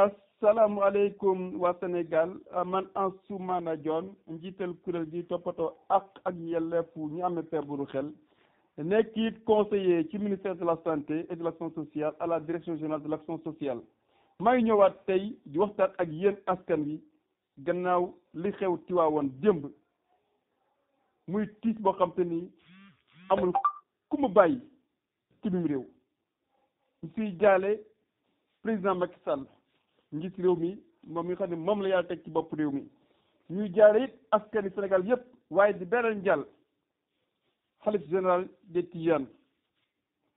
asalaamualeykum waa Sénégal man Ansoumana Dione njiital kuréel gi toppatoo ak ak yelleefu ñu amee feebaru xel nekk it conseiller ci ministère de la santé et de l'action sociale à la direction générale de l'action sociale maa ngi ñëwaat tey di waxtaan ak yéen askan wi gannaaw li xew Tiwaawoon démb muy tiis boo xam te ni amul ku mu bàyyi ci réew ñu fiy jaale président Macky Sall ci réew mi moom mi nga xam ne moom la yàlla teg ci bopp réew mi ñuy jaare it askani Sénégal yëpp waaye di beneen jàll xalif général des Tidianes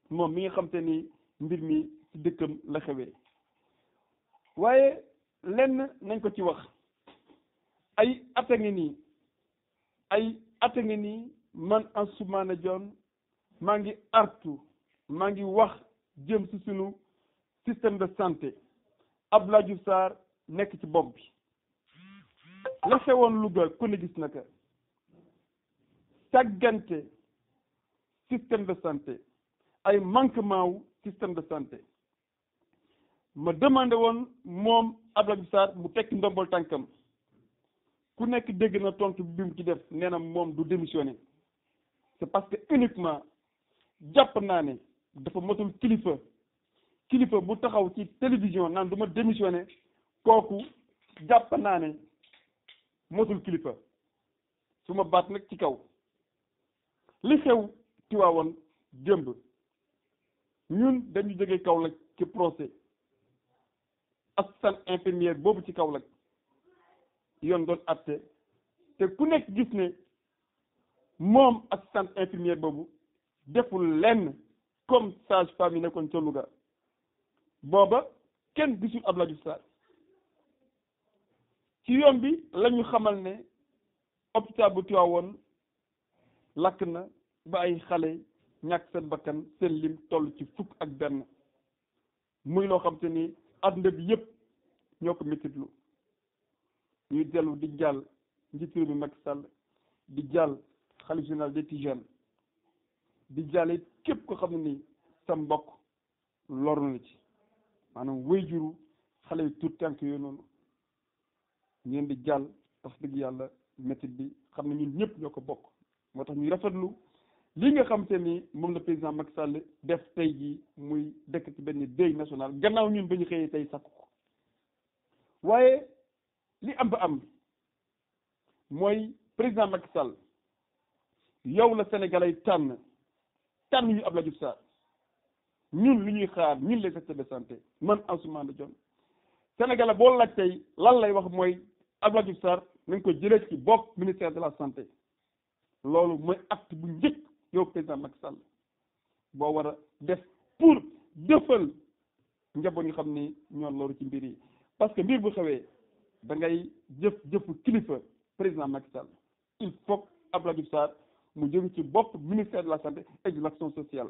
moom mi nga xam te ni mbir mi ci dëkkam la xewee waaye lenn nañ ko ci wax ay ata ngi nii ay ata ngi nii man Ansoumana Dione maa ngi artu maa ngi wax jëm ci sunu système de santé Abdoulaye Diouf Sarr nekk ci bopp bi la xewoon Louga ku ne gis na sàggante système de santé ay manquement wu système de santé ma demandé woon moom Abdoulaye Diouf Sarr mu tekki ndombol tànkam ku nekk dégg na tontu bi mu ci def nee moom du démissionné c'est parce que uniquement jàpp naa ne dafa motul kilifa kilifa bu taxaw ci télévision naan du ma démissionné kooku jàpp naa ne mosul kilifa su ma baat nag ci kaw li xew Tiwaawoon démb ñun dañu jóge Kaolack ci procès assistant infirmière boobu ci Kaolack yoon doon atte te ku nekk gis ne moom assistant infirmière boobu deful lenn comme sage femme yi nekkoon ca Louga booba kenn gisul Abdoulaye Diouf Sarr ci yoon bi la xamal ne hôpital bu Tivaouane lakk na ba ay xale ñàkk seen bakkan seen lim toll ci fukk ak benn muy loo xam te ni àdduna bi yëpp ñoo ko métitlu ñuy dellu di jàll njiitu réew mi Macky Sall di jàll xale général des Tidianes di jàll it képp ko xam ni sa mbokk loru na ci maanaam wéy juru xale yu tuut tànk yooyu noonu ngeen di jàll tax dëgg yàlla métit bi xam ne ñun ñëpp ñoo ko bokk moo tax ñuy rafetlu lii nga xam te ni moom la président Macky Sall def tey jii muy dëkk ci benn deuil national gannaaw ñun ba ñu xëyee tey sakku ko waaye li am ba am mooy président Macky Sall yow la Sénégalais tànn tànn ñu Abdoulaye Diouf Sarr ñun li ñuy xaar ñun les acteurs de santé man Ousmane Dione Sénégal bo laaj tay lan lay wax moy Abdou Diouf Sarr nañ ko jëlee ci bopp ministère de la santé lolu mooy acte bu njëkk yo président Macky Sall boo war def pour defal njaboot ñu xamni ni ñoo loru ci mbir yi parce que mbir bu xewee da ngay jëf jëf kilifa président Macky Sall il faut Abdou Diouf Sarr mu jóge ci bopp ministère de la santé et de l'action sociale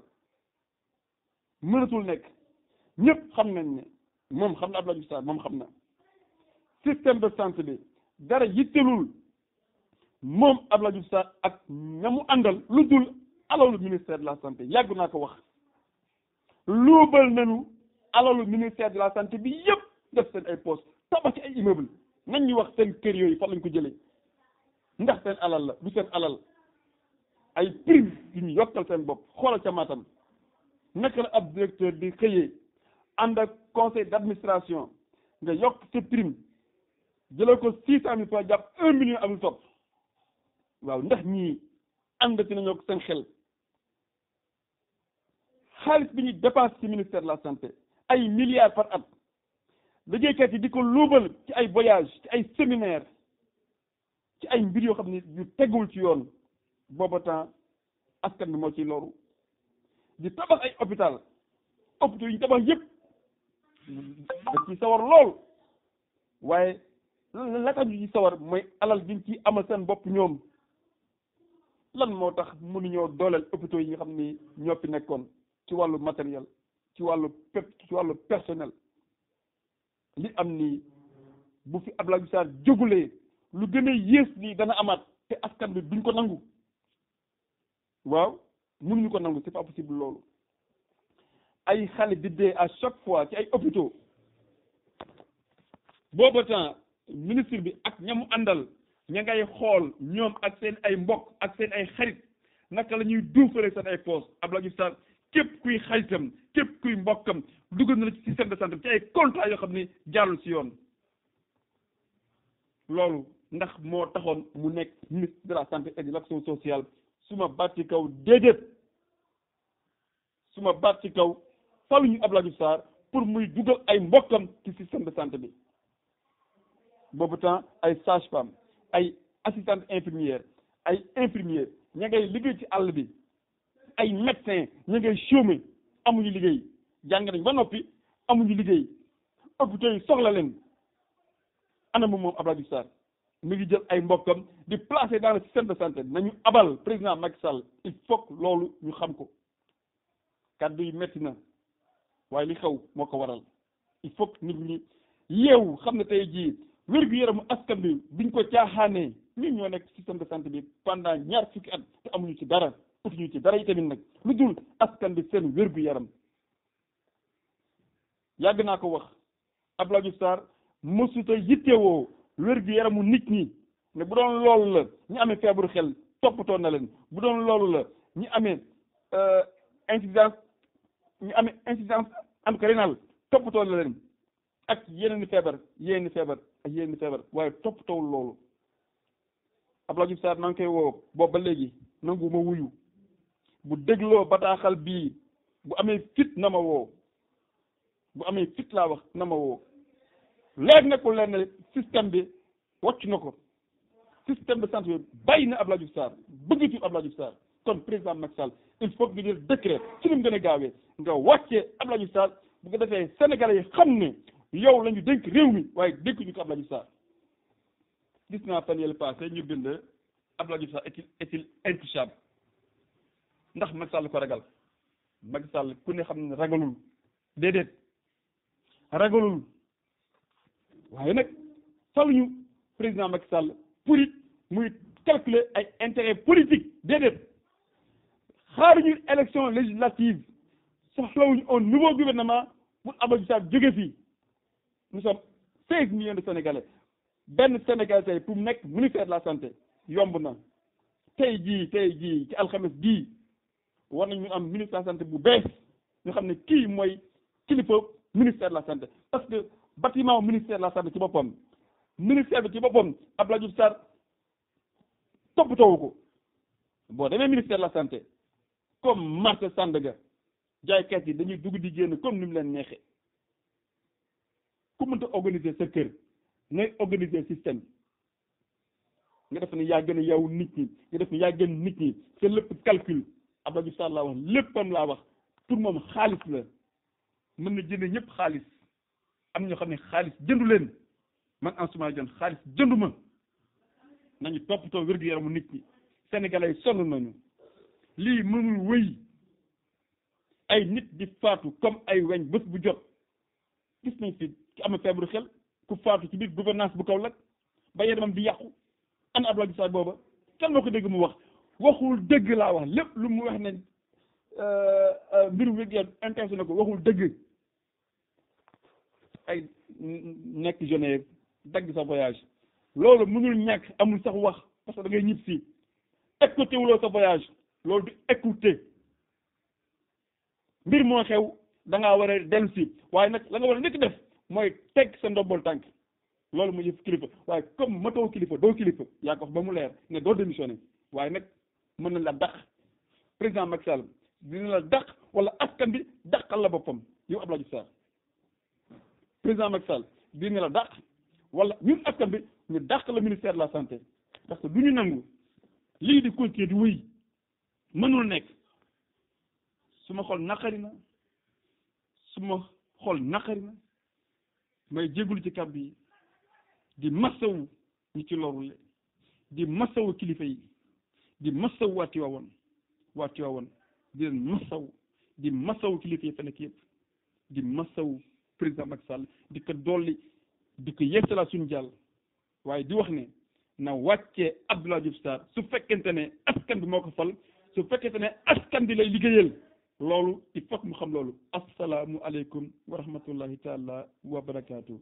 mënatul nekk ñëpp xam nañ ne moom xam na Abdoulaye Diouf Sarr moom xam na système de santé bi dara yittelul moom Abdoulaye Diouf Sarr ak ña mu àndal lu dul alalu ministère de la santé yàgg naa ko wax luubal nañu alalu ministère de la santé bi yëpp def seen ay poste tabax ci ay immeuble nañ ñu wax seen kër yooyu fan lañ ko jëlee ndax seen alal la du seen alal ay prime yu ñu yokkal seen bopp xoolal ca Matam naka la ab directeur di xeye ak conseil d'administration nga yok sa prime 000 ko un million amul top waaw ndax ñi and nañoo ñoko seen xel bi ministère de la santé ay milliards par at De yi di ko ci ay voyage ci ay séminaire ci ay mbir yo xamni yu tegul ci yoon askan bi mo ci di tabax ay hôpital hôpitaux yi ñu tabax yëpp da ciy sawar lool waaye la tax ñu ci sawar mooy alal gi ci amal seen bopp ñoom lan moo tax mënuñoo dooleel hôpitaux yi nga xam ni ñoo fi nekkoon ci wàllu matériel ci wàllu pep ci wàllu personnel li am nii bu fi Abdoulaye Diouf Sarr jógulee lu gën a yées lii dana amaat te askan bi duñ ko nangu waaw ñu ko nangu c'est pas possible loolu ay xale di dee à chaque fois ci ay hôpitaux booba temps ministre bi ak ñamu àndal ña ngay xool ñoom ak seen ay mbokk ak seen ay xarit naka la ñuy duufale seen ay poste Abdoulaye Diouf Sarr képp kuy xaritam képp kuy mbokkam dugal na la ci système de santé ci ay contrat yoo xam ne jàll ci yoon loolu ndax moo taxoon mu nekk ministre de la santé et de l'action sociale suma baat ci kaw déedéet suma baat ci kaw faluñu Abdoulaye Diouf Sarr pour muy dugal ay mbokkam ci système de santé bi boobu temps ay sage femme ay assistante infirmière ay infirmière ña ngay liggéey ci àll bi ay médecin ña ngay chômer amuñu liggéey jàng nañ ba noppi amuñu liggéey hôpitaux yi soxla leen ana moom moom Abdoulaye Diouf Sarr mi ngi jël ay mbokkam di placer dans le système de santé nañu abal président Macky Sall il faut loolu ñu xam ko kàddu yi métti na waaye li xew moo ko waral il faut que nit ñi yeewu xam ne tey jii wér-gu-yaramu bi biñ ko caaxaanee ñun ñoo nekk système de santé bi pendant ñaar fukki at te amuñu ci dara utuñu ci dara yi nag lu dul askan bi seen wér yaram yàgg naa ko wax Abdoulaye Diouf Sarr mësuta yittewoo wér gu yaramu nit ñi ne bu doon loolu la ñu amee feebaru xel toppatoo na leen bu doon loolu la ñu amee euh, insuffisance ñu amee insuffisance endocrinale toppatoo na leen ak yeneen feebar yeneen feebar ak yeneen feebar waaye topp toppatoowul loolu Abdoulaye Diouf Sarr na nga koy woo boobu ba léegi nangu ma wuyu bu dégloo bataaxal bii bu amee fit na ma woo bu amee fit laa wax na ma woo leer nekkul leer na système bi wàcc na ko système de santé bi bàyyi na ab Diouf Sarr bëggatul Abdoulaye Diouf Sarr kon président Macky Sall il faut que nga jël décret ci li mu gën a gaawee nga wàccee Abdoulaye Diouf Sarr bu ko defee sénégalais yi xam ne yow la ñu dénk réew mi waaye dénkuñu ko Abdoulaye Diouf Sarr gis naa fan yële passé ñu bind Abdoulaye Diouf Sarr est-il est-il ndax Macky ko ragal Macky Sall ku ne xam ne ragalul déedéet ragalul waaye nag. Sa wou yon prezident Maksal, pou yon mou yon kalkle ay entere politik dedep. Kha wou yon eleksyon lejilatiz, sa wou yon nouvo guvernema pou Abadou Chav Diogazi. Mou som 16 milyon de Senegalese. Ben Senegalese pou mwenek mounifere la sante. Yon bonan. Te yi, te yi, te al chemes di. Wan yon moun am mounifere la sante pou bes. Moun chemne ki mwen, ki li pou mounifere la sante. Paske batiman moun mounifere la sante ki bo pwem. ministère bi ci boppam Abdoulaye Diouf Sarr toppatoowu ko boo demee ministère de la santé comme marché Sandaga jaaykat yi dañuy dugg di génn comme ni mu leen neexee ku mënta organiser sa kër ngay organiser système nga def ni yaa gën a yow nit ñi nga def ni yaa gën nit ñi sa lépp calcul Abdoulaye Diouf Sarr laa wax léppam laa wax pour moom xaalis la mën na jënd ñëpp xaalis am ñoo xam ne xaalis jëndu leen man Ansoumana Dione xaalis jënduma nañu toppatoo wér-gu-yaramu nit ñi sénégalais yi sonn nañu lii mënul wéy ay nit di faatu comme ay weñ bés bu jot gis nañ fi ki am feebaru xel ku faatu ci biir gouvernance bu kaw lag ba yaramam di yàqu ana Abdoulaye Sarr booba kan moo ko dégg mu wax waxul dëgg laa wax lépp lu mu wax ne euh, euh, mbiru wér-gu-yaram intéressé na ko waxul dëgg ay nekk Genève dagg sa voyage loolu mënul ñàkk amul sax wax parce que da ngay ñib si écouté wuloo sa voyage loolu du écouté mbir moo xew da ngaa war a dellu si waaye nag la nga war a nekk def mooy teg sa ndombol tànk loolu mu yëf kilifa waaye comme matoo kilifa doo kilifa yaa ko wax ba mu leer ne doo démissionné waaye nag mën na la dàq président Macky Sall dina la dàq wala askan bi dàqal la boppam yow Abdoulaye Diouf Sarr président Macky Sall dina la dàq wala ñun askan bi ñu dàq la ministère la santé parce que du ñu nangu lii di continuer di wéy mënul nekk su ma xol naqari na su ma xol naqari na may jégalu ci kàbb bi di masawu ñu ci lorule di masawu kilifa yi di masawu waa Tiwaawan waa Tiwaawan di leen di masawu kilifa yi fa nekk yëpp di masawu président Macky Sall di ko dolli di ko yeesalaat suñu jàll waaye di wax ne na wàccee Abdoulaye Diouf sar su fekkente ne askan bi moo ko fal su fekkente ne askan bi lay liggéeyal loolu il faut mu xam loolu asalaamualeykum wa rahmatullahi taala wa barakaatu.